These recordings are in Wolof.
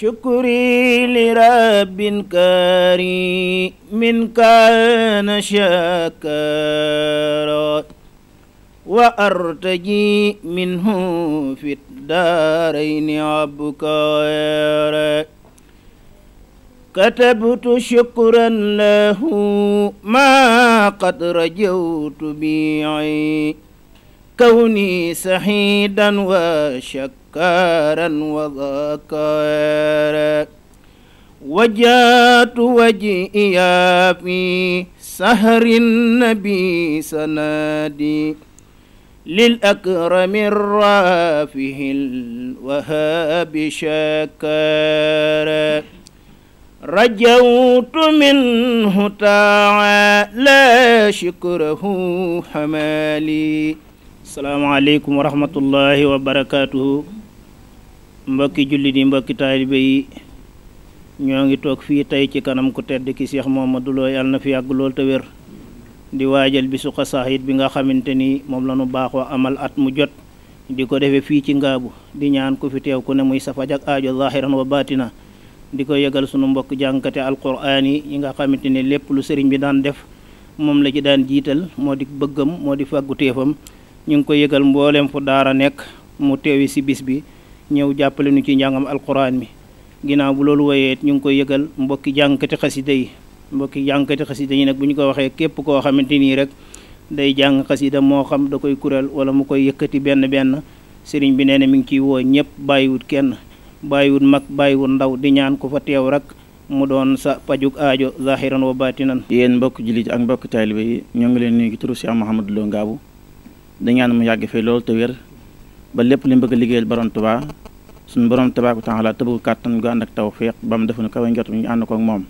شكري لرب كريم كان شاكرا وأرتجي منه في الدارين عبكرا كتبت شكرا له ما قد رجوت بيعي كوني سعيدا وشكارا وذكارا وجات وجهي في سهر النبي سنادي للأكرم الرافه الوهاب شكارا رجوت منه تعالى شكره حمالي salaamaaleykum wa rahmatullahi wa barakaatu mbokki jullit di mbokki taalibe yi ñoo ngi toog fii tey ci kanam ku tedd ki Cheikh Mamadou Lo yàlla na fi yàgg lool te di waajal bisu xasaayit bi nga xamante ni moom la nu baaxoo amal at mu jot di ko defee fii ci ngaabu di ñaan ku fi teew ku ne muy safaj ak aajo zahiran wa baatina di ko yëgal sunu mbokk jànkate alquraan yi yi nga xamante ni lépp lu sëriñ bi daan def moom la ci daan jiital moo di bëggam moo di fàggu téefam ñu ngi ko yëgal mbooleem fu daara nekk mu teewi si bis bi ñëw jàppale nu ci njàngam alxuraan mi ginnaaw bu loolu woyeet ñu ngi ko yëgal mbokki jàngkati xasida yi mbokki jàngkati xasida yi nag bu ñu ko waxee képp koo xamante nii rek day jàng xasida moo xam da koy kuréel wala mu koy yëkkati benn benn sëriñ bi nee na mi ngi ciy woo ñëpp bàyyiwut kenn bàyyiwut mag bàyyiwut ndaw di ñaan ko fa teew rek mu doon sa pajuk aajo zahiran wa batinan yéen mbokk jullit ak mbokk taalibe yi ñoo ngi leen nuyu turu Cheikh Mouhamadou Lo dañu ñaan mu yàgg fee loolu te wér ba lépp li mu bëgg a liggéeyal borom Tuubaa suñu borom tabaaraka taala tëbbu kàttan gu ànd ak tawfiq ba mu defuñu kawe njot ñu ànd ko ak moom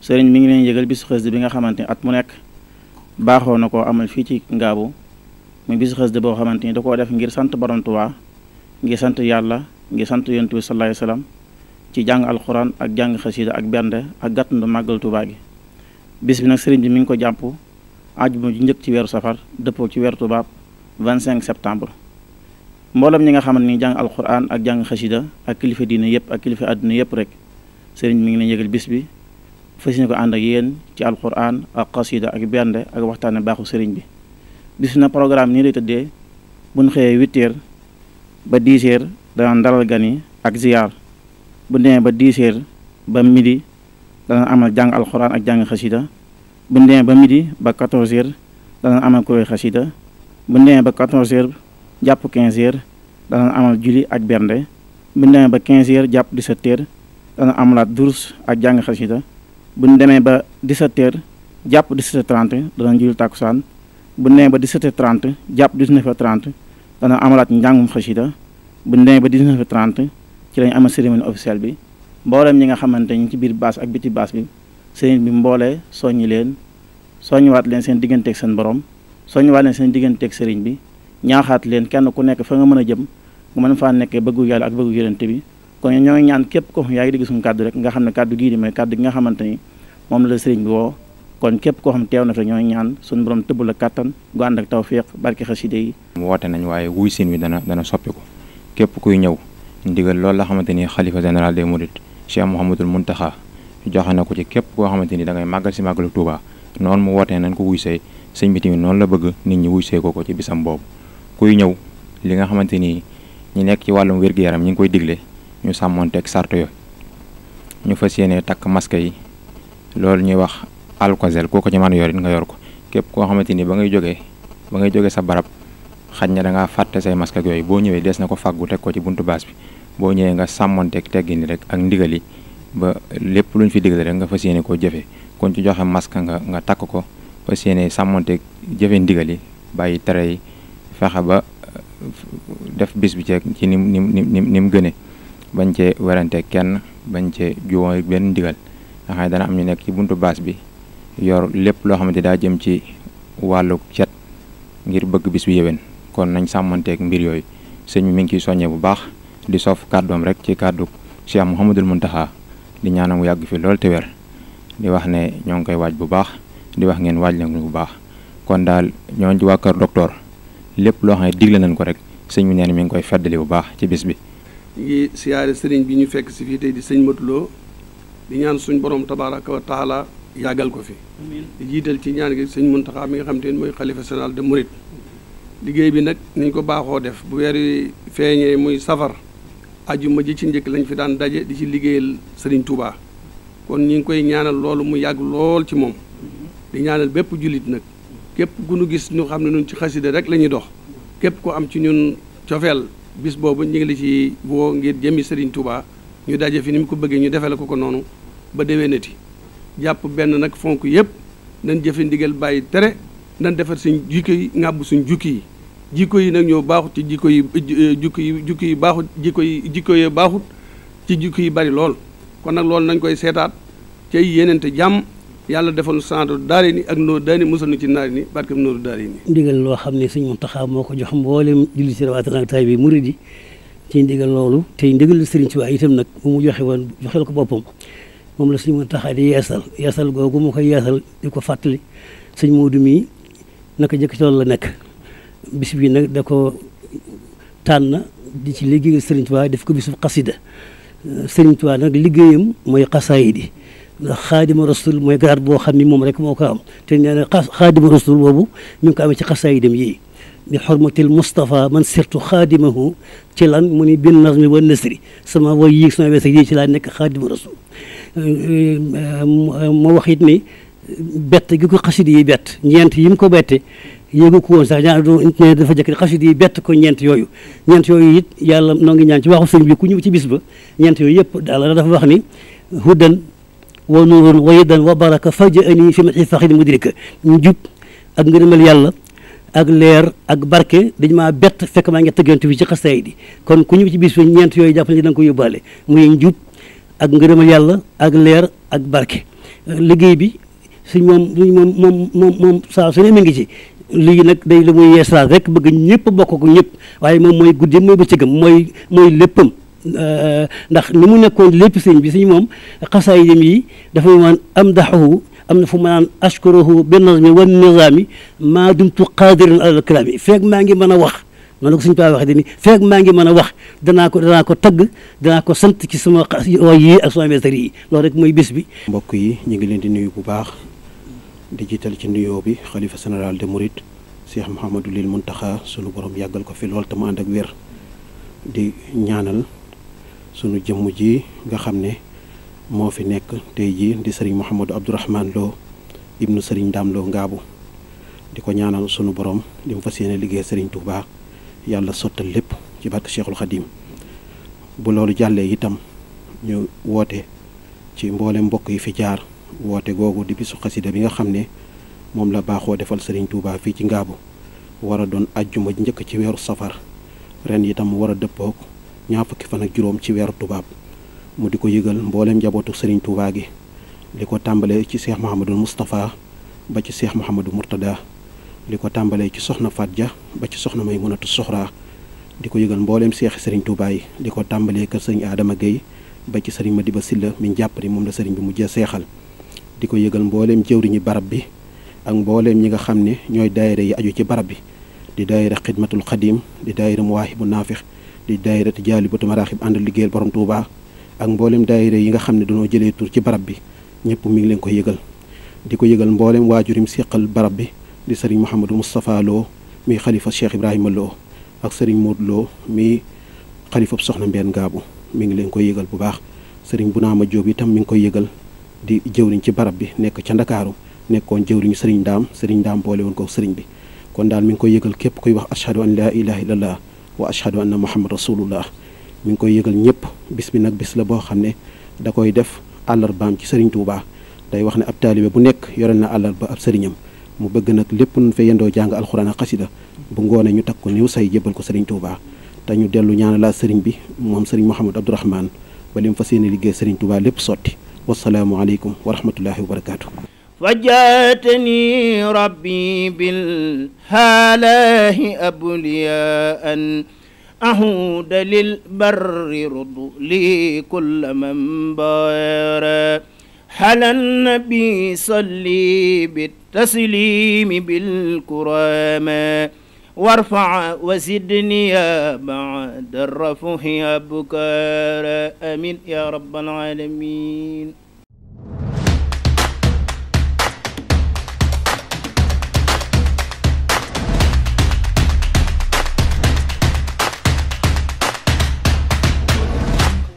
sëriñ mi ngi leen yëgal bisu xës bi nga xamante ni at mu nekk baaxoo na koo amal fii ci Ngaabu mu bisu xës boo xamante ni da koo def ngir sant borom Tuubaa ngir sant yàlla ngir sant yonent bi sallallahu ci jàng alxuraan ak jàng xasida ak bernde ak gàttandu màggal Tuubaa gi bis bi nag sëriñ bi mi ngi ko jàpp àjjuma ju njëkk ci weeru safar dëppoo ci weeru tubaab 25 septembre mboolem ñi nga xamante ni jàng alquran ak jàng xasida ak kilifa diine yëpp ak kilifa àdduna yëpp rek sëriñ mi ngi leen yëgal bis bi fas ko ànd ak yéen ci alquran ak xasida ak bernde ak waxtaane baaxu sëriñ bi bis na programme nii lay tëddee buñ xëyee 8 heures ba 10 heures danaan dalal ak ziyaar bu ba 10 heures ba midi dana amal jàng alxuraan ak jàng xasida bu ba midi ba 14 heures dana amal kuréel xasida bu ñu demee ba 14 heures jàpp 15 heures dana amal julli ak bernde bu ñu ba 15 heures jàpp 17 heures dana amalaat durus ak jàng xasida bu ñu demee ba 17 heures jàpp 17h30 dana julli tàkkusaan bu ñu demee ba 17h30 jàpp 19h30 dana amalaat njàngum xasida bu ñu ba 19h30 ci lañ amal cérémonie officielle bi mbooleem ñi nga xamante ñi ci biir baas ak biti baas bi sëriñ bi mboolee soññi leen soññiwaat leen seen digganteeg seen borom soññ waa leen seen digganteeg sëriñ bi ñaaxaat leen kenn ku nekk fa nga mën a jëm nga mën faa nekkee bëggu yàlla ak bëggu yonent bi kon ñoo ngi ñaan képp ko yaa ngi dégg suñu kàddu rek nga xam ne kàddu gii di may kàddu gi nga kon képp koo xam teew na fa ñoo ñaan suñu borom tëbb la kàttan gu ànd ak tawféex barki xaside yi woote nañ waaye wuy siin wi dana dana soppiku képp kuy ñëw ndigal loolu la xamante ni xalifa général des mourides Cheikh Mouhamadul Mountakha joxe na ko ci képp koo xamante ni da ngay màggal si màggalu Touba noonu mu wootee nañ ko wuy see sëñ bi tamit noonu la bëgg nit ñi wuy see ko ko ci bisam boobu kuy ñëw li nga xamante ni ñi nekk ci wàllum wér-gu-yaram ñi ngi koy digle ñu sàmmonteeg sart yooyu ñu fas yéene takk masque yi loolu ñuy wax alcozel koo ko ci mën yor nga yor ko képp koo xamante ni ba ngay jógee ba ngay jóge sa barab xaj na da ngaa fàtte say masque yooyu boo ñëwee des na ko fàggu teg ko ci buntu baas bi boo ñëwee nga sàmmonteeg teggini rek ak ndigal yi ba lépp luñ fi digle rek nga fas yéene koo jëfee kon ci joxe masque nga nga takk ko fas yéene sàmmonte jëfe ndigal yi bàyyi tere yi fexe ba euh, def bis bi ceeg ci nim ni ni ni mu gënee bañ cee weranteek kenn bañ cee juwoo benn ndigal nga xam dana am ñu nekk ci buntu baas bi yor lépp loo xamante daa jëm ci wàllu cet ngir bëgg bis bi yéwén kon nañ sàmmanteeg mbir yooyu sëñ bi mi ngi soññee bu baax di sof kàddoom rek ci kàddu Cheikh Mouhamadul Mountakha di ñaanam mu yàgg fi loolu te wér di wax ne ñoo ngi koy waaj bu baax di wax ngeen waaj leen bu baax kon daal ñoo ngi waa kër docteur lépp loo xam ne digle nañ ko rek sëñ bi neen mi ngi koy feddali bu baax ci bis bi. ñu ngi siyaare sëriñ bi ñu fekk si fii tey di sëñ Modou di ñaan suñu borom tabaaraka wa taala yàggal ko fi. di jiital ci ñaan sëñ Mountakha mi nga xam te ne mooy xalifa général de Mouride. liggéey bi nag niñ ko baaxoo def bu weer yi feeñee muy safar ajuma ji ci njëkk lañu fi daan daje di ci liggéeyal sëriñ Touba. kon ñu ngi koy ñaanal loolu mu yàgg lool ci moom di ñaanal bépp jullit nag képp ku nu gis ñu xam ne ñun ci xasida rek lañuy dox képp ku am ci ñun cofeel bis boobu ñu ci woo ngir jëmmi Serigne Touba ñu daja fi ni mu ko bëggee ñu defale ko ko noonu ba déwénati jàpp benn nag fonk yëpp nañ jëfe ndigal bàyyi tere nañ defar suñ jikko yi ŋàbb suñ jukki yi jikko yi nag ñoo baaxut ci jikko yi jukki yi jukki yi baaxut jikko yi jikko yi baaxut ci jikko yi bari lool kon nag loolu nañ koy seetaat cay yenente jàmm yàlla defal nu santu ni ak nooru daari ni musal nu ci naari ni barkeb nooru daari ni ndigal loo xam ne sëñ Muntaxa moo ko jox mboolem julli si rawatina ak taalibe bi murid yi ci loolu tey ndigalu sëriñ si waa itam nag mu joxe woon joxel ko boppam moom la sëñ Muntaxa di yeesal yeesal googu mu koy yeesal di ko fàttali sëñ Moodu mii naka jëkk ci loolu la nekk bis bi nag da ko tànn di ci léegi sëriñ si def ko bisu xasida Sëriñ Tuubaa nag liggéeyam mooy xasaayid yi ndax xaadima rasul mooy garaat boo xam ni moom rek moo ko am te nee na xaadima rasul boobu ñu ngi ko amee ci xasaayidam yi bi xormatil Moustapha man surtout xaadimahu ci lan mu ni bin nazmi wa nasri sama way yi sama wees yi ci laa nekk xaadima rasul moo wax it ni bett gi ko xasid yi bett ñeent yi mu ko bette yéegu ko woon sax ñaan ne dafa jëkk xasida yi bett ko ñeent yooyu ñeent yooyu it yàlla noo ngi ñaan ci waxu sëñ bi ku ñëw ci bis ba ñeent yooyu yëpp daal dafa wax ni hudan wa nuurun wa yidan wa baraka faja ani fi mati faxidi mudrika njub ak ngërëmal yàlla ak leer ak barke dañu maa bett fekk maa ngi tëggante bi ci xasaay di kon ku ñëw ci bis ba ñeent yooyu jàpp ne da nga ko yóbbaale muy njub ak ngërëmal yàlla ak leer ak barke liggéey bi suñ moom suñ moom moom moom moom saa mi ngi ci lii nag day la muy yeesalaat rek bëgg ñëpp bokk ko ñëpp waaye moom mooy guddi mooy bëccëgam mooy mooy léppam euh, ndax ni mu nekkoon lépp sëñ bi sëñ moom xasaay yam yi dafay waan am daxahu am na fu ma naan ashkuruhu bi nazmi wa nizaami maa dumtu qaadiran alal kalaami feeg maa ngi mën a wax noonu suñu paa waxee dañuy feeg maa ngi mën a wax danaa ko danaa ko tagg danaa ko sant ci sama way yi ak sama mesar yi loolu rek mooy bés bi mbokk yi ñu ngi leen di nuyu bu baax di jiital ci nuyoo bi xalifa général de Mouride Cheikh Mouhamadou Lil Mountakha sunu borom yàggal ko fi lool te mu ànd ak wér di ñaanal sunu jëmm ji nga xam ne moo fi nekk tey jii di sëriñ Mouhamadou Abdourahmane Lo ibnu sëriñ Dame Lo Ngaabu di ko ñaanal sunu borom di mu fas yéene liggéey sëriñ Touba yàlla sottal lépp ci barke Cheikhul Khadim bu loolu jàllee itam ñu woote ci mboolem mbokk yi fi jaar. woote googu di bisu xasida bi nga xam ne moom la baaxoo defal sëriñ Touba fii ci Ngaabu war a doon ajjuma njëkk ci weeru safar ren itam war a dëppook ñaar fukki fan ak juróom ci weeru tubaab mu di ko yëgal mbooleem njabootu sëriñ Touba gi li ko tàmbalee ci seex Mouhamadul Moustapha ba ci seex Mouhamadou Mourtada li ko tàmbalee ci soxna Faat Ja ba ci soxna may mënatu soxraa di ko yëgal mbooleem seexi sëriñ Touba yi li ko tàmbalee kër sëriñ Adama Gueye ba ci sëriñ Madiba Silla mi jàpp ni moom la sëriñ bi mujjee seexal di ko yëgal mbooleem jëwriñi barab bi ak mbooleem ñi nga xam ne ñooy daayira yi aju ci barab bi di daayira xidmatul xadim di dayre daayira muwaahibu naafix di dayre daayira jaalibatu maraaxib ànd liggéeyal borom Touba ak mbooleem daayira yi nga xam ne dañoo jëlee tur ci barab bi ñëpp mi ngi leen koy yëgal di ko yëgal mbooleem waajurim séqal barab bi di sëriñ Mouhamadou Moustapha Lo mi xalifa Cheikh Ibrahima Lo ak sëriñ Modou Lo mi xalifa soxna Mbène Ngaabu mi ngi leen koy yëgal bu baax sëriñ Bunaama Jóob itam mi ngi koy yëgal di jëwriñ ci barab bi nekk ca ndakaaru nekkoon jëwriñu sëriñ daam sëriñ daam boole woon ko sëriñ bi kon daal mi ngi koy yëgal képp kuy wax ashhadu an laa ilaha illallah wa ashhadu anna muhammad rasulullah mi ngi koy yëgal ñëpp bis bi nag bis la boo xam ne da koy def àllarbaam ci sëriñ Touba day wax ne ab taalibe bu nekk yore na àllarba ab sëriñam mu bëgg nag lépp nu fa yendoo jàng alxuraan ak xasida bu ngoonee ñu takk ko niw say jébbal ko sëriñ Touba te ñu dellu ñaanalaat sëriñ bi moom sëriñ Mouhamed Abdourahmane ba li mu fas liggéey sëriñ Touba lépp sotti wassalaamu aleykum wa rahmatullahi wa barakaatu وجاتني ربي بالهالاه أبلياء أهود للبر رض لي كل من بار على النبي صلي بالتسليم بالكرامة warfa wa zidniya baada rafuhiya bukaara amin ya rabbal alamin